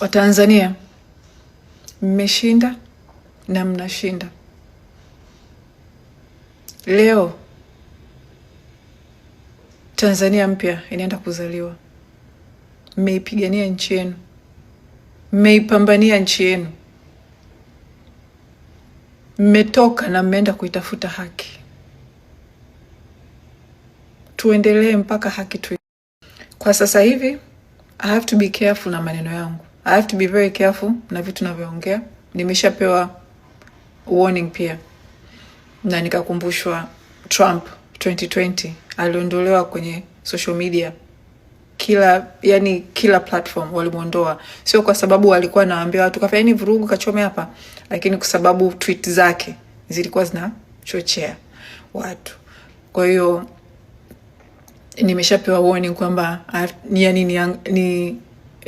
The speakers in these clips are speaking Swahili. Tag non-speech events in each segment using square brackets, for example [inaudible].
Watanzania mmeshinda na mnashinda. Leo Tanzania mpya inaenda kuzaliwa. Mmeipigania nchi yenu, mmeipambania nchi yenu, mmetoka na mmeenda kuitafuta haki. Tuendelee mpaka haki tu. Kwa sasa hivi I have to be careful na maneno yangu. I have to be very careful na vitu navyoongea. Nimeshapewa warning pia na nikakumbushwa Trump 2020 aliondolewa kwenye social media kila yani, kila platform walimwondoa, sio kwa sababu walikuwa nawaambia watu kafanyeni vurugu kachome hapa, lakini kwa sababu tweet zake zilikuwa zinachochea watu. Kwa hiyo nimeshapewa warning kwamba yani, ah, ni, ni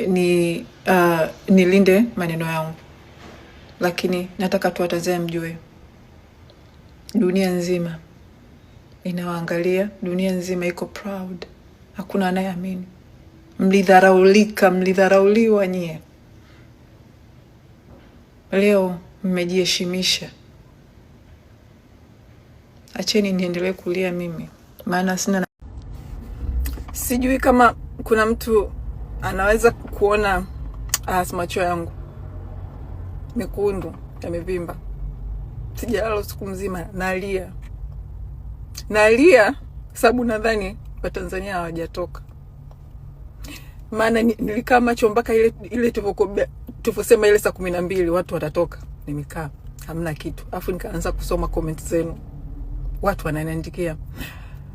ni uh, nilinde maneno yangu, lakini nataka tu Watanzania mjue, dunia nzima inawaangalia, dunia nzima iko proud, hakuna anayeamini. Mlidharaulika, mlidharauliwa nyie, leo mmejiheshimisha. Acheni niendelee kulia mimi, maana sina na... sijui kama kuna mtu anaweza kuona as ah, macho yangu mekundu yamevimba, sijalala siku mzima, nalia nalia, sababu nadhani Watanzania hawajatoka. Maana nilikaa macho mpaka ile ile tulivyosema ile saa kumi na mbili watu watatoka, nimekaa hamna kitu, afu nikaanza kusoma comment zenu, watu wananiandikia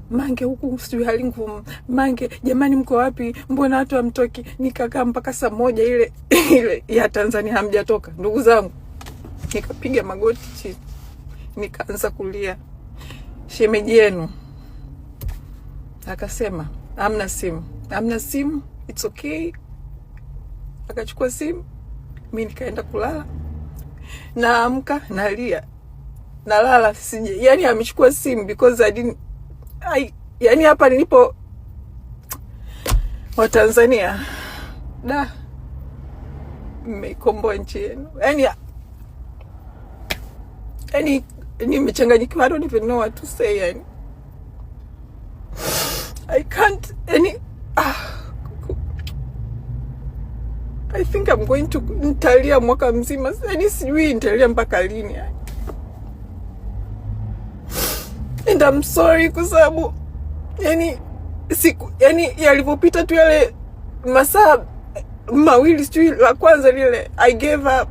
Mange huku sijui hali ngumu, Mange jamani, mko wapi? Mbona watu hamtoki? Nikakaa mpaka saa moja ile [laughs] ile ya Tanzania, hamjatoka ndugu zangu. Nikapiga magoti chini, nikaanza kulia. Shemeji yenu akasema amna simu, amna simu, it's okay. Akachukua simu, mi nikaenda kulala, naamka nalia, nalala sije, yani amechukua simu because I didn't ai, yani hapa nilipo Watanzania da, mmeikomboa nchi yenu yani, yani nimechanganyikiwa, I don't even know what to say yani. I can't any ah, I think I'm going to nitalia mwaka mzima yani, sijui nitalia mpaka lini yani. And I'm sorry kwa sababu yani siku yani yalivyopita tu yale masaa mawili sijui la kwanza lile I gave up.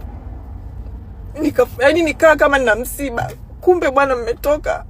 Nika, yani nikaa kama nina msiba, kumbe bwana mmetoka